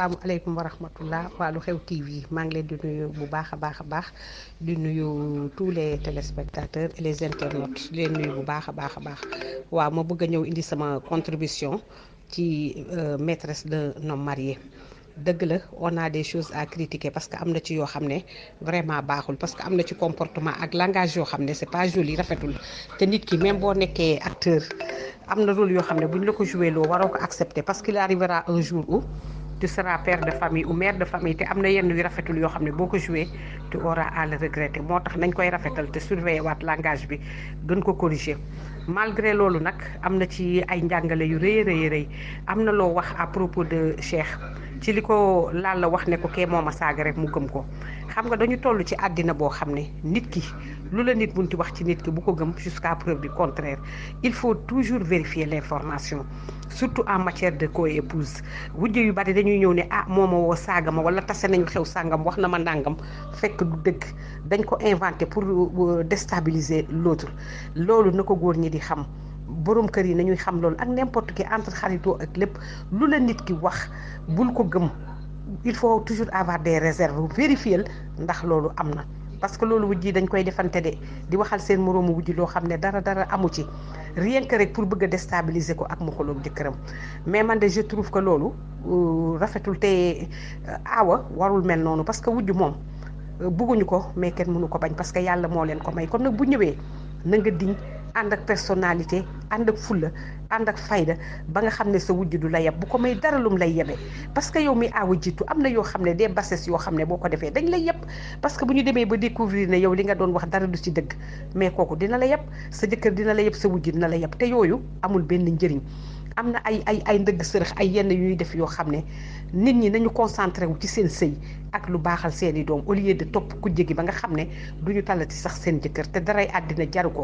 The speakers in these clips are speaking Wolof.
asalaamualeykum wa rahmatullah waa Lu Xew TV maa ngi leen di nuyu bu baax a baax a baax di nuyu tous les téléspectateurs et les internautes di leen nuyu bu baax a baax a baax waaw ma bëgg a ñëw indi sama contribution ci euh, maîtresse de homme marié dëgg la on a des choses à critiquer parce que am na ci yoo xam ne vraiment baaxul parce que am na ci comportement ak langage yoo xam ne c'est pas joli rafetul te nit ki même boo nekkee acteur am na rôle yoo xam ne bu ñu la ko joué loo waroo ko parce qu'il arrivera un jour où tu seras père de famille ou mère de famille te am na yenn yu rafetul yoo xam ne boo ko joué tu auras à le regretter moo tax nañ koy rafetal te surveiller waat langage bi gën ko corriger malgré loolu nag am na ci ay njàngale yu rëy rëy rëy am na loo wax à propos de Cheikh ci li ko laal la wax ne ko kee moom a saaga rek mu gëm ko xam nga dañu toll ci àddina boo xam ne nit ki lu la nit ti wax ci nit ki bu ko gëm jusqu'à preuve du contraire il faut toujours vérifier l'information surtout en matière de co-épouse wujje yu bari dañuy ñëw ni ah mooma woo saaga ma wala tase nañu xew sàngam wax na ma ndàngam fekk du dëgg dañ ko inventé pour euh, destabiliser l'autre loolu na ko góor ñi di xam borom kër yi nañuy xam loolu ak n'importe qui entre xaritoo ak lépp lu la nit ki wax bul ko gëm il faut toujours avoir des réserves vérifier ndax loolu am na parce que loolu wujj yi dañ koy defante de di waxal seen moroomu wujj loo xam ne dara dara amu ci rien que rek pour bëgg a déstabiliser ko ak mu xoloog jëkkëram mais man de je trouve ko loolu euh, rafetul te euh, aawa warul mel noonu parce que wujj moom euh, bëgguñu ko mais kenn mënu ko bañ parce que yàlla moo leen ko may kon nag bu ñëwee na nga diñ ànd ak personalité ànd ak fulla ànd ak fayda ba nga xam ne sa wujj du la yeb bu ko may dara lum lay yebee parce que yow mi aawa jiitu am na yoo xam ne des bassesses yoo xam ne boo ko defee dañ la yeb parce que bu ñu demee ba découvrir ne yow li nga doon wax dara du ci dëgg mais kooku dina la yeb sa jëkkër dina la yeb sa wujj dina la yeb te yooyu amul benn njëriñ am na ay ay ay ndëgg sërëx ay yenn yuy def yoo xam ne nit ñi nañu concentré wu ci seen sëy ak lu baaxal seeni doom au lieu de topp kujje gi ba nga xam ne du ñu tàllati sax seen jëkkër te daray àddina jaru ko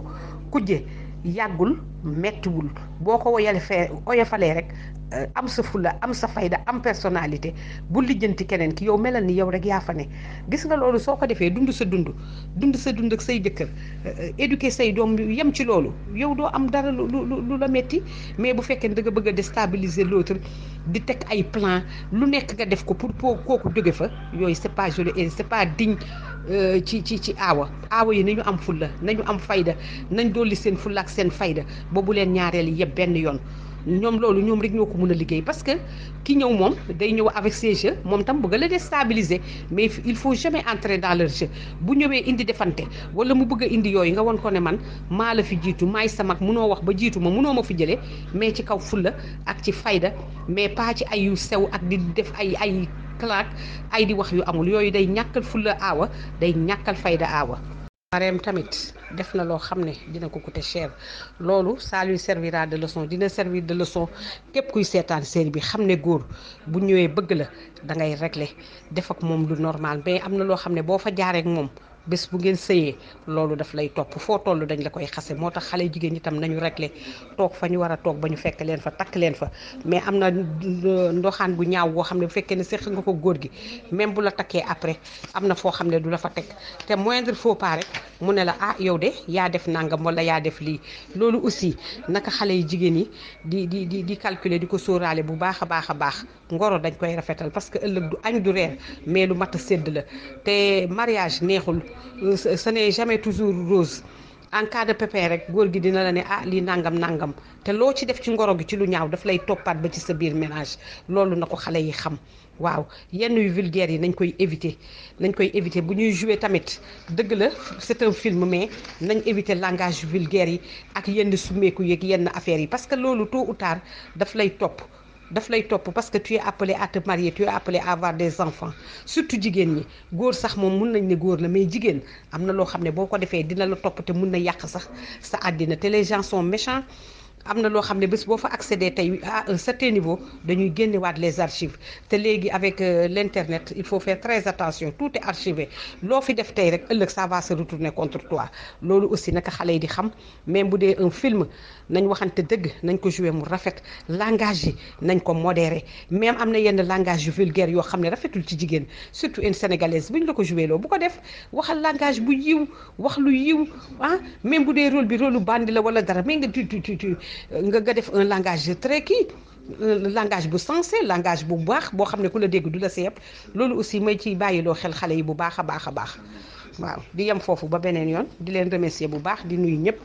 kujje yàggul mettiwul boo ko woyalee oyofalee rek euh, am sa fulla am sa fayda am personalité bu lijjanti keneen ki yow melal ni yow rek yaa fa ne gis nga loolu soo ko defee dund sa dund dund sa dund ak say jëkkër euh, éduquer say doom yem ci loolu yow doo am dara lu lu lu la metti mais bu fekkee da danga bëgg a déstabiliser l'autre di teg ay plan lu nekk nga def ko pour pour kooku jóge fa yooyu c'est pas joli et c'est pas digne Euh, ci ci ci aawa aawa yi nañu am fulla nañu am fayda nañ dolli seen fulla ak seen fayda ba leen ñaareel yëpp benn yoon ñoom loolu ñoom rek ñoo ko mun a liggéey parce que ki ñëw moom day ñëw avec ses moom tam bëgg la déstabiliser mais il faut jamais entrer dans leur bu ñëwee indi defante wala mu bëgg a indi yooyu nga won ko ne man maa la fi jiitu maay sa mag munoo wax ba jiitu ma munoo ma fi jëlee mais ci kaw fulla ak ci fayda mais pas ci ay sew ak di def ay ay. claque ay di wax yu amul yooyu day ñàkkal fulla aawa day ñàkkal fayda aawa Marème tamit def na loo xam ne dina ko coûter cher loolu ça lui servira de leçon dina servir de leçon képp kuy seetaan série bi xam ne góor bu ñëwee bëgg la da ngay régler def ak moom lu normal mais am na loo xam ne boo fa jaareek moom bés bu ngeen sëyee loolu daf lay topp foo toll dañ la koy xase moo tax xale jigéen ñi tam nañu régler toog fa ñu war a toog ba ñu fekk leen fa takk leen fa mais am na euh, ndoxaan gu ñaaw woo xam ne bu fekkee ne séq nga ko góor gi même bu la takkee après am na foo xam ne du la fa teg te moindre faux pas rek mu ne la ah yow de yaa def nangam wala yaa def lii loolu aussi naka xale yi jigéen yi di di di di calculer di ko sóoraale bu baax a baax a baax ngoro dañ koy rafetal parce que ëllëg du añ du reer mais lu mat a sédd la te mariage neexul sa euh, n'est jamais toujours rose en cas de rek góor gi dina la ne ah lii nangam nangam te loo ci def ci ngoro gi ci lu ñaaw daf lay toppaat ba ci sa biir ménage loolu na ko xale yi xam waaw yenn yu vulgaire yi nañ koy éviter nañ koy éviter bu ñuy jouer tamit dëgg la c'est un film mais nañ éviter langage vulgaire yi ak yenn summeeku yeeg yenn affaires yi parce que loolu tôt ou tard daf lay topp daf lay topp parce que tu es appelé à te marier tu es appelé à avoir des enfants surtout jigéen ñi góor sax moom mun nañ ne góor la mais jigéen am na loo xam ne boo ko defee dina la topp te mun na yàq sax sa àddina te les gens sont méchants am na loo xam ne bés boo fa accéder tey à un certain niveau dañuy génnewaat les archives te léegi avec euh, l' internet il faut faire très attention tout est archivé loo fi def tey rek ëllëg ça va se contre toi loolu aussi naka xale yi di xam même bu dee un film nañ waxante dëgg nañ ko jouer mu rafet langage yi nañ ko modéré même am na yenn langage yu vulgaire yoo xam ne rafetul ci jigéen surtout une sénégalaise buñ la ko joué loo bu ko def waxal langage bu yiw wax lu yiw ah même bu dee rôle bi rôle lu la wala dara mais nga tu tu nga nga def un langage très kii langage bu sensé langage bu baax boo xam ne ku la dégg du la si yëpp loolu aussi may ciy bàyyiloo xel xale yi bu baax a baax a baax waaw di yem foofu ba beneen yoon di leen remercier bu baax di nuyu ñëpp.